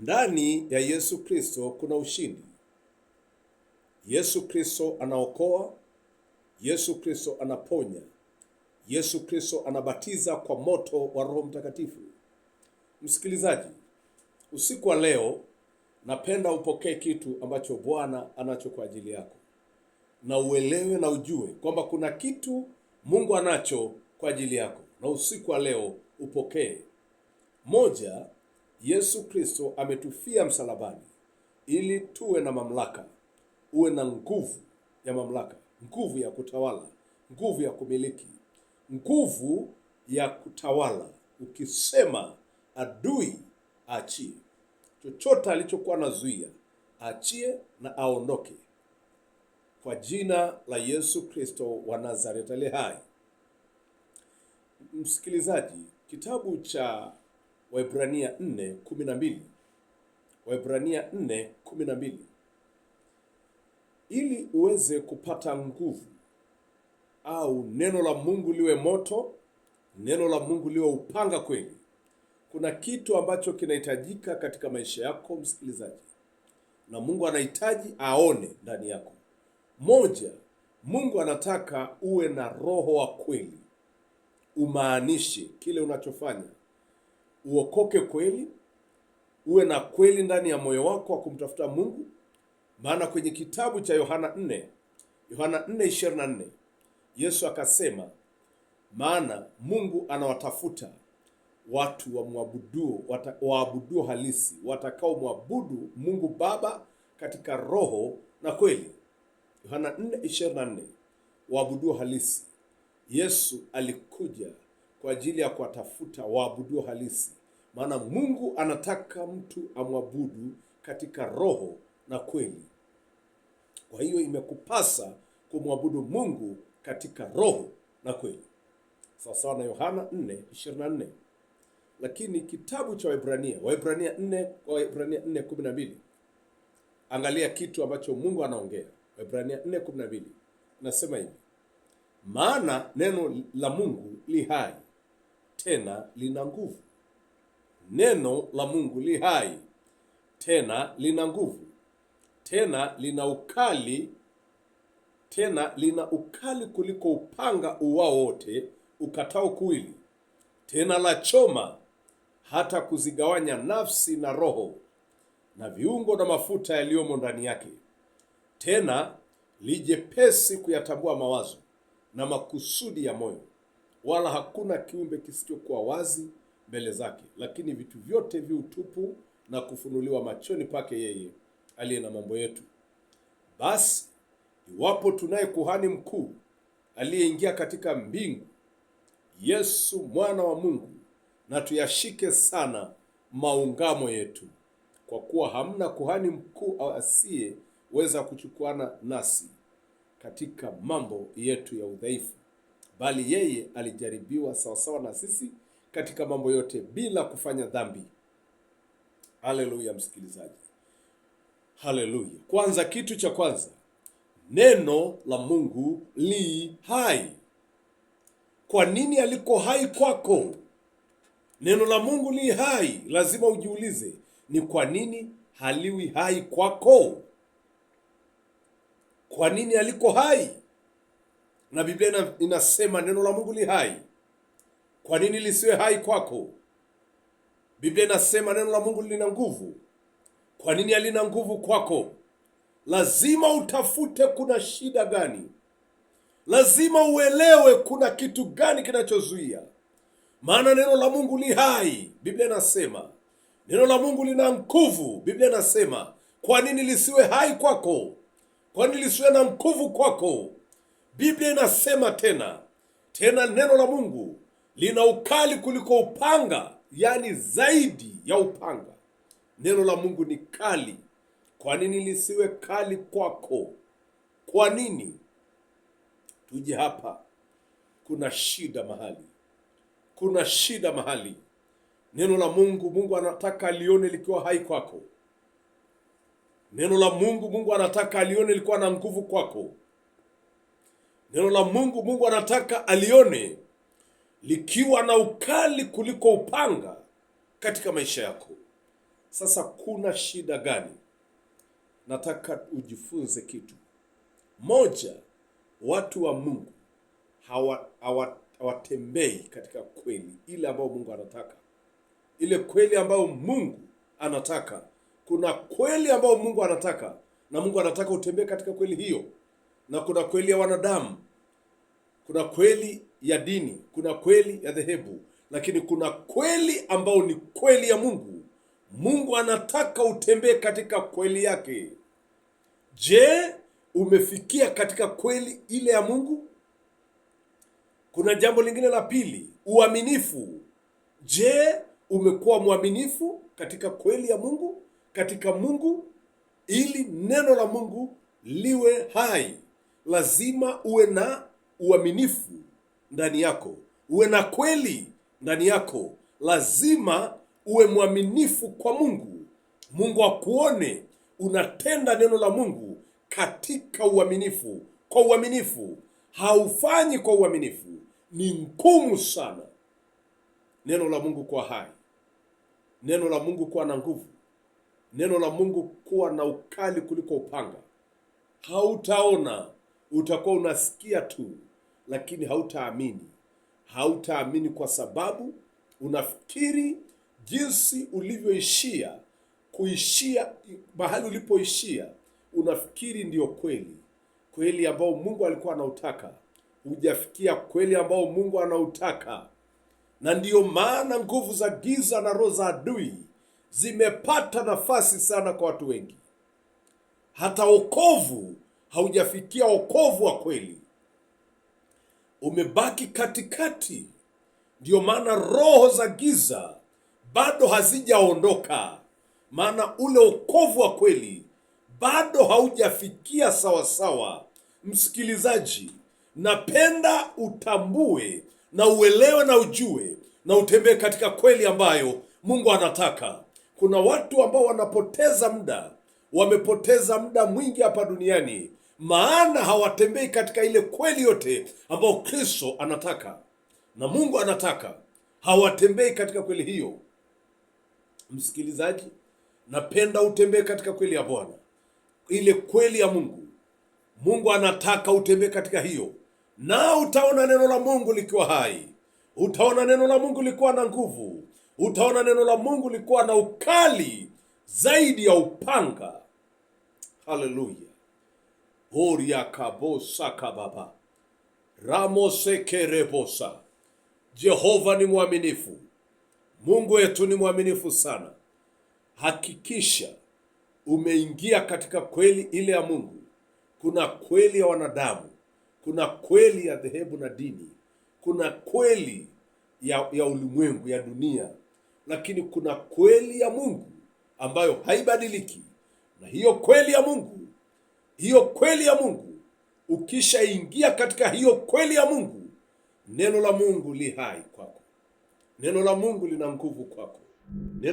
Ndani ya Yesu Kristo kuna ushindi. Yesu Kristo anaokoa, Yesu Kristo anaponya, Yesu Kristo anabatiza kwa moto wa Roho Mtakatifu. Msikilizaji, usiku wa leo napenda upokee kitu ambacho Bwana anacho kwa ajili yako, na uelewe na ujue kwamba kuna kitu Mungu anacho kwa ajili yako, na usiku wa leo upokee. Moja Yesu Kristo ametufia msalabani ili tuwe na mamlaka, uwe na nguvu ya mamlaka, nguvu ya kutawala, nguvu ya kumiliki, nguvu ya kutawala. Ukisema adui aachie, chochote alichokuwa anazuia aachie na aondoke, kwa jina la Yesu Kristo wa Nazareti aliye hai. Msikilizaji, kitabu cha Waebrania 4:12. Waebrania 4:12. Ili uweze kupata nguvu au neno la Mungu liwe moto, neno la Mungu liwe upanga kweli, kuna kitu ambacho kinahitajika katika maisha yako msikilizaji, na Mungu anahitaji aone ndani yako. Moja, Mungu anataka uwe na roho wa kweli, umaanishe kile unachofanya uokoke kweli, uwe na kweli ndani ya moyo wako wa kumtafuta Mungu, maana kwenye kitabu cha Yohana 4 Yohana 4:24 Yesu akasema, maana Mungu anawatafuta watu wamwabuduo waabuduo halisi watakao mwabudu Mungu Baba katika roho na kweli. Yohana 4:24 waabuduo halisi. Yesu alikuja kwa ajili ya kuwatafuta waabudu halisi, maana Mungu anataka mtu amwabudu katika roho na kweli. Kwa hiyo imekupasa kumwabudu Mungu katika roho na kweli, sawasawa na Yohana 4:24. Lakini kitabu cha Waebrania, Waebrania 4, Waebrania 4:12, angalia kitu ambacho Mungu anaongea. Waebrania 4:12 nasema hivi, maana neno la Mungu li hai tena lina nguvu. Neno la Mungu li hai tena lina nguvu, tena lina ukali, tena lina ukali kuliko upanga uwao wote ukatao kuwili, tena la choma hata kuzigawanya nafsi na roho na viungo na mafuta yaliyomo ndani yake, tena lijepesi kuyatambua mawazo na makusudi ya moyo wala hakuna kiumbe kisichokuwa wazi mbele zake, lakini vitu vyote vi utupu na kufunuliwa machoni pake yeye aliye na mambo yetu. Basi iwapo tunaye kuhani mkuu aliyeingia katika mbingu, Yesu mwana wa Mungu, na tuyashike sana maungamo yetu, kwa kuwa hamna kuhani mkuu asiyeweza kuchukuana nasi katika mambo yetu ya udhaifu bali yeye alijaribiwa sawasawa na sisi katika mambo yote bila kufanya dhambi. Haleluya msikilizaji, haleluya. Kwanza, kitu cha kwanza, neno la Mungu li hai. Kwa nini aliko hai kwako? Neno la Mungu li hai. Lazima ujiulize ni kwa nini haliwi hai kwako? Kwa nini aliko hai? na Biblia inasema neno la Mungu li hai. Kwa nini lisiwe hai kwako? Biblia inasema neno la Mungu lina nguvu. Kwa nini halina nguvu kwako? Lazima utafute kuna shida gani, lazima uelewe kuna kitu gani kinachozuia, maana neno la Mungu li hai. Biblia inasema neno la Mungu lina nguvu. Biblia inasema kwa nini lisiwe hai kwako? Kwa nini lisiwe na nguvu kwako? Biblia inasema tena tena, neno la Mungu lina ukali kuliko upanga, yaani zaidi ya upanga. Neno la Mungu ni kali. Kwa nini lisiwe kali kwako? Kwa nini tuje hapa? Kuna shida mahali, kuna shida mahali. Neno la Mungu, Mungu anataka alione likiwa hai kwako. Neno la Mungu, Mungu anataka alione likiwa na nguvu kwako. Neno la Mungu, Mungu anataka alione likiwa na ukali kuliko upanga katika maisha yako. Sasa kuna shida gani? Nataka ujifunze kitu moja. Watu wa Mungu hawatembei hawa, katika kweli ile ambayo Mungu anataka, ile kweli ambayo Mungu anataka. Kuna kweli ambayo Mungu anataka, na Mungu anataka utembee katika kweli hiyo na kuna kweli ya wanadamu, kuna kweli ya dini, kuna kweli ya dhehebu, lakini kuna kweli ambayo ni kweli ya Mungu. Mungu anataka utembee katika kweli yake. Je, umefikia katika kweli ile ya Mungu? Kuna jambo lingine la pili, uaminifu. Je, umekuwa mwaminifu katika kweli ya Mungu, katika Mungu, ili neno la Mungu liwe hai? lazima uwe na uaminifu ndani yako, uwe na kweli ndani yako, lazima uwe mwaminifu kwa Mungu. Mungu akuone unatenda neno la Mungu katika uaminifu, kwa uaminifu, haufanyi kwa uaminifu, ni ngumu sana. Neno la Mungu kwa hai, neno la Mungu kuwa na nguvu, neno la Mungu kuwa na ukali kuliko upanga. Hautaona Utakuwa unasikia tu, lakini hautaamini. Hautaamini kwa sababu unafikiri jinsi ulivyoishia kuishia mahali ulipoishia, unafikiri ndiyo kweli. Kweli ambao Mungu alikuwa anautaka hujafikia, kweli ambao Mungu anautaka. Na ndiyo maana nguvu za giza na roho za adui zimepata nafasi sana kwa watu wengi, hata okovu haujafikia wokovu wa kweli, umebaki katikati. Ndiyo maana roho za giza bado hazijaondoka, maana ule wokovu wa kweli bado haujafikia sawasawa. Msikilizaji, napenda utambue na uelewe na ujue na utembee katika kweli ambayo Mungu anataka. Kuna watu ambao wanapoteza muda, wamepoteza muda mwingi hapa duniani maana hawatembei katika ile kweli yote ambayo Kristo anataka na Mungu anataka. Hawatembei katika kweli hiyo. Msikilizaji, napenda utembee katika kweli ya Bwana, ile kweli ya Mungu. Mungu anataka utembee katika hiyo, na utaona neno la Mungu likiwa hai, utaona neno la Mungu likiwa na nguvu, utaona neno la Mungu likiwa na ukali zaidi ya upanga. Haleluya! Oriakabosakababa ramosekerebosa. Jehova ni mwaminifu, Mungu wetu ni mwaminifu sana. Hakikisha umeingia katika kweli ile ya Mungu. Kuna kweli ya wanadamu, kuna kweli ya dhehebu na dini, kuna kweli ya, ya ulimwengu ya dunia, lakini kuna kweli ya Mungu ambayo haibadiliki, na hiyo kweli ya Mungu hiyo kweli ya Mungu, ukishaingia katika hiyo kweli ya Mungu, neno la Mungu li hai kwako, neno la Mungu lina nguvu kwako neno